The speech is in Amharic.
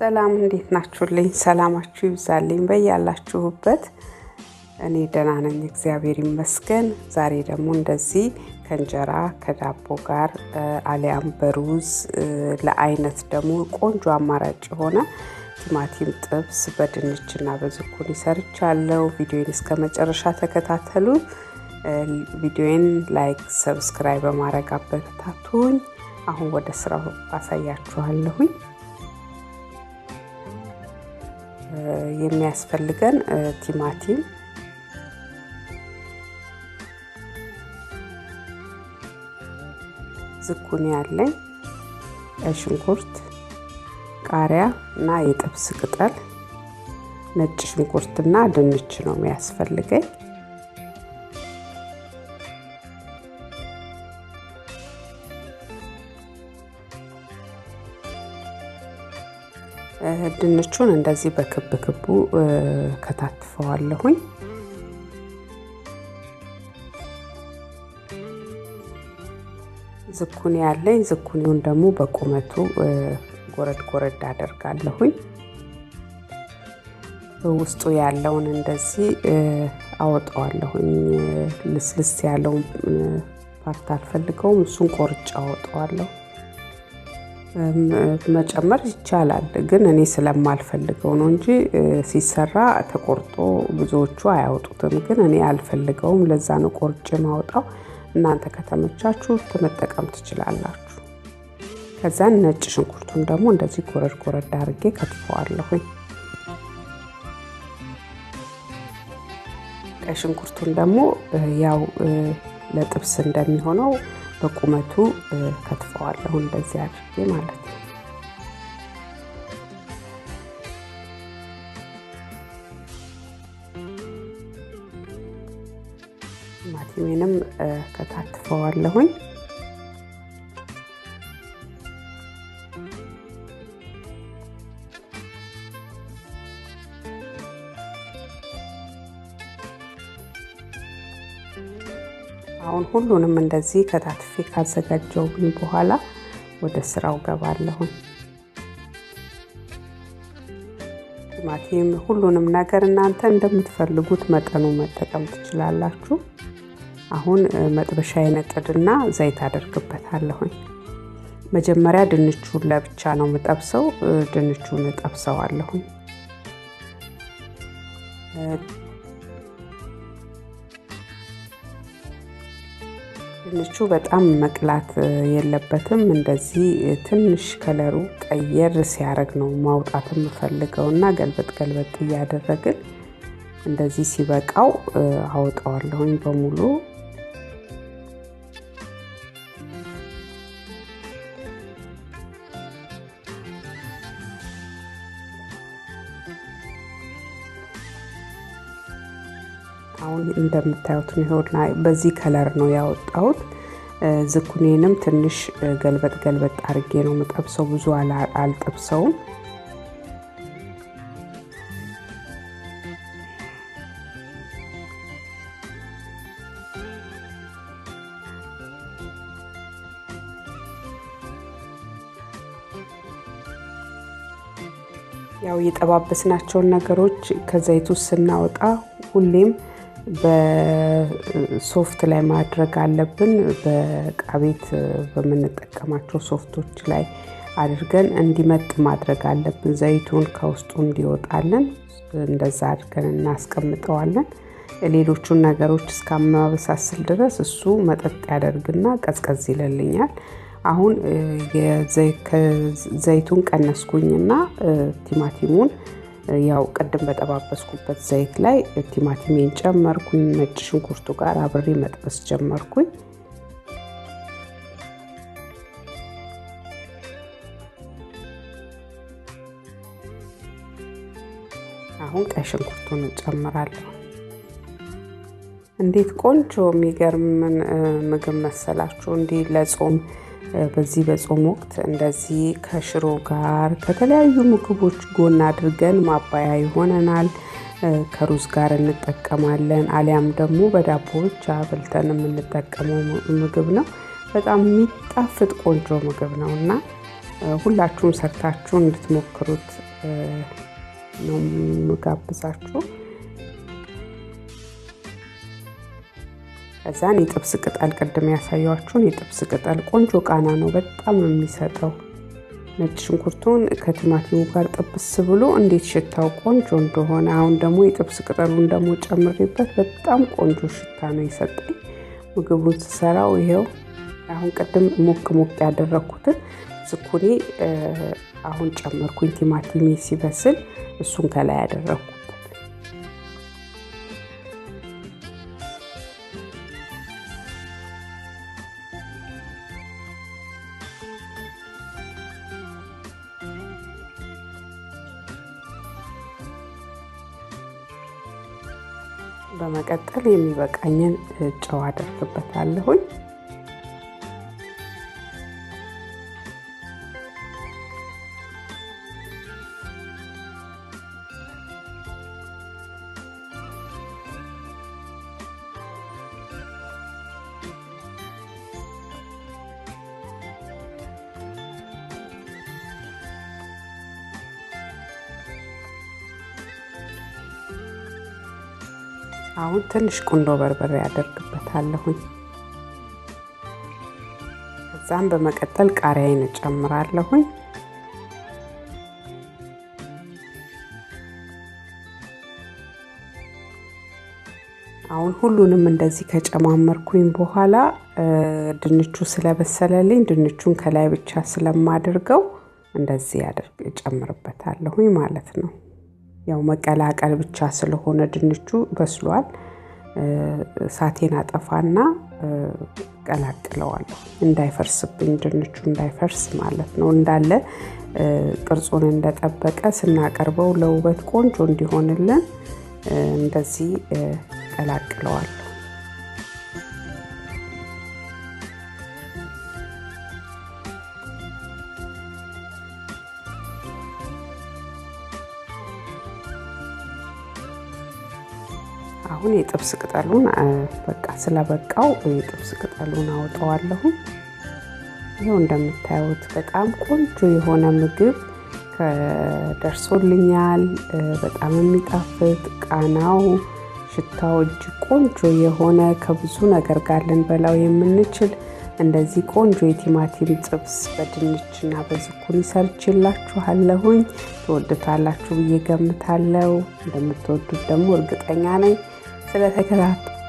ሰላም እንዴት ናችሁልኝ? ሰላማችሁ ይብዛልኝ በያላችሁበት። እኔ ደህና ነኝ፣ እግዚአብሔር ይመስገን። ዛሬ ደግሞ እንደዚህ ከእንጀራ ከዳቦ ጋር አሊያም በሩዝ ለአይነት ደግሞ ቆንጆ አማራጭ የሆነ ቲማቲም ጥብስ በድንችና በዝኩኒ ሰርቻለሁ። ቪዲዮን እስከ መጨረሻ ተከታተሉ። ቪዲዮን ላይክ፣ ሰብስክራይብ በማድረግ አበረታቱኝ። አሁን ወደ ስራው አሳያችኋለሁኝ። የሚያስፈልገን ቲማቲም ዝኩኒ ያለኝ ሽንኩርት፣ ቃሪያ እና የጥብስ ቅጠል፣ ነጭ ሽንኩርትና ድንች ነው የሚያስፈልገኝ። ድንቹን እንደዚህ በክብ ክቡ ከታትፈዋለሁኝ። ዝኩኒ ያለኝ ዝኩኒውን ደግሞ በቁመቱ ጎረድ ጎረድ አደርጋለሁኝ። ውስጡ ያለውን እንደዚህ አወጣዋለሁኝ። ልስልስ ያለውን ፓርት አልፈልገውም፣ እሱን ቆርጫ አወጣዋለሁ። መጨመር ይቻላል፣ ግን እኔ ስለማልፈልገው ነው እንጂ ሲሰራ ተቆርጦ ብዙዎቹ አያወጡትም። ግን እኔ አልፈልገውም፣ ለዛ ነው ቆርጬ ማውጣው። እናንተ ከተመቻችሁ መጠቀም ትችላላችሁ። ከዛን ነጭ ሽንኩርቱን ደግሞ እንደዚህ ጎረድ ጎረድ አድርጌ ከትፈዋለሁኝ። ቀይ ሽንኩርቱን ደግሞ ያው ለጥብስ እንደሚሆነው በቁመቱ ከትፈዋለሁ እንደዚህ አድርጌ ማለት ነው። ቲማቲሜንም ከታትፈዋለሁኝ። አሁን ሁሉንም እንደዚህ ከታትፌ ካዘጋጀውኝ በኋላ ወደ ስራው ገባለሁን። ቲማቲም፣ ሁሉንም ነገር እናንተ እንደምትፈልጉት መጠኑ መጠቀም ትችላላችሁ። አሁን መጥበሻ የነጥድና ዘይት አደርግበታለሁኝ። መጀመሪያ ድንቹን ለብቻ ነው የምጠብሰው። ድንቹን እጠብሰዋለሁኝ። ድንቹ በጣም መቅላት የለበትም። እንደዚህ ትንሽ ከለሩ ቀየር ሲያደርግ ነው ማውጣት የምፈልገው እና ገልበጥ ገልበጥ እያደረግን እንደዚህ ሲበቃው አወጣዋለሁኝ በሙሉ አሁን እንደምታዩት ይኸውና በዚህ ከለር ነው ያወጣሁት። ዝኩኔንም ትንሽ ገልበጥ ገልበጥ አድርጌ ነው የምጠብሰው፣ ብዙ አልጠብሰውም። ያው የጠባበስናቸውን ነገሮች ከዘይቱ ስናወጣ ሁሌም በሶፍት ላይ ማድረግ አለብን። በእቃ ቤት በምንጠቀማቸው ሶፍቶች ላይ አድርገን እንዲመጥ ማድረግ አለብን። ዘይቱን ከውስጡ እንዲወጣለን እንደዛ አድርገን እናስቀምጠዋለን። ሌሎቹን ነገሮች እስካማበሳስል ድረስ እሱ መጠጥ ያደርግና ቀዝቀዝ ይለልኛል። አሁን ዘይቱን ቀነስኩኝና ቲማቲሙን ያው ቅድም በጠባበስኩበት ዘይት ላይ ቲማቲሜን ጨመርኩኝ። ነጭ ሽንኩርቱ ጋር አብሬ መጥበስ ጀመርኩኝ። አሁን ቀይ ሽንኩርቱን እጨምራለሁ። እንዴት ቆንጆ የሚገርምን ምግብ መሰላችሁ! እንዲህ ለጾም በዚህ በጾም ወቅት እንደዚህ ከሽሮ ጋር ከተለያዩ ምግቦች ጎን አድርገን ማባያ ይሆነናል። ከሩዝ ጋር እንጠቀማለን። አሊያም ደግሞ በዳቦ ብቻ በልተን የምንጠቀመው ምግብ ነው። በጣም የሚጣፍጥ ቆንጆ ምግብ ነው እና ሁላችሁም ሰርታችሁ እንድትሞክሩት ነው የምጋብዛችሁ። ከዛን የጥብስ ቅጠል ቅድም ያሳያችሁን የጥብስ ቅጠል ቆንጆ ቃና ነው በጣም የሚሰጠው። ነጭ ሽንኩርቱን ከቲማቲሙ ጋር ጥብስ ብሎ እንዴት ሽታው ቆንጆ እንደሆነ አሁን ደግሞ የጥብስ ቅጠሉን ደግሞ ጨምሬበት በጣም ቆንጆ ሽታ ነው የሰጠኝ። ምግቡን ስሰራው ይሄው አሁን ቅድም ሞቅ ሞቅ ያደረግኩትን ዝኩኔ አሁን ጨመርኩኝ። ቲማቲሜ ሲበስል እሱን ከላይ ያደረግኩ በመቀጠል የሚበቃኝን ጨው አደርግበታለሁኝ። አሁን ትንሽ ቁንዶ በርበሬ ያደርግበታለሁኝ። ከዛም በመቀጠል ቃሪያዬን እጨምራለሁኝ። አሁን ሁሉንም እንደዚህ ከጨማመርኩኝ በኋላ ድንቹ ስለበሰለልኝ ድንቹን ከላይ ብቻ ስለማድርገው እንደዚህ እጨምርበታለሁኝ ማለት ነው። ያው መቀላቀል ብቻ ስለሆነ ድንቹ በስሏል። እሳቴን አጠፋና ቀላቅለዋለሁ እንዳይፈርስብኝ ድንቹ እንዳይፈርስ ማለት ነው። እንዳለ ቅርጹን እንደጠበቀ ስናቀርበው ለውበት ቆንጆ እንዲሆንልን እንደዚህ ቀላቅለዋለሁ። አሁን የጥብስ ቅጠሉን በቃ ስለበቃው የጥብስ ቅጠሉን አውጠዋለሁ። ይኸው እንደምታዩት በጣም ቆንጆ የሆነ ምግብ ደርሶልኛል። በጣም የሚጣፍጥ ቃናው፣ ሽታው እጅግ ቆንጆ የሆነ ከብዙ ነገር ጋር ልንበላው የምንችል እንደዚህ ቆንጆ የቲማቲም ጥብስ በድንችና በዝኩኒ ሰርችላችኋለሁኝ። ትወድታላችሁ ብዬ ገምታለሁ። እንደምትወዱት ደግሞ እርግጠኛ ነኝ። ثلاثة كذا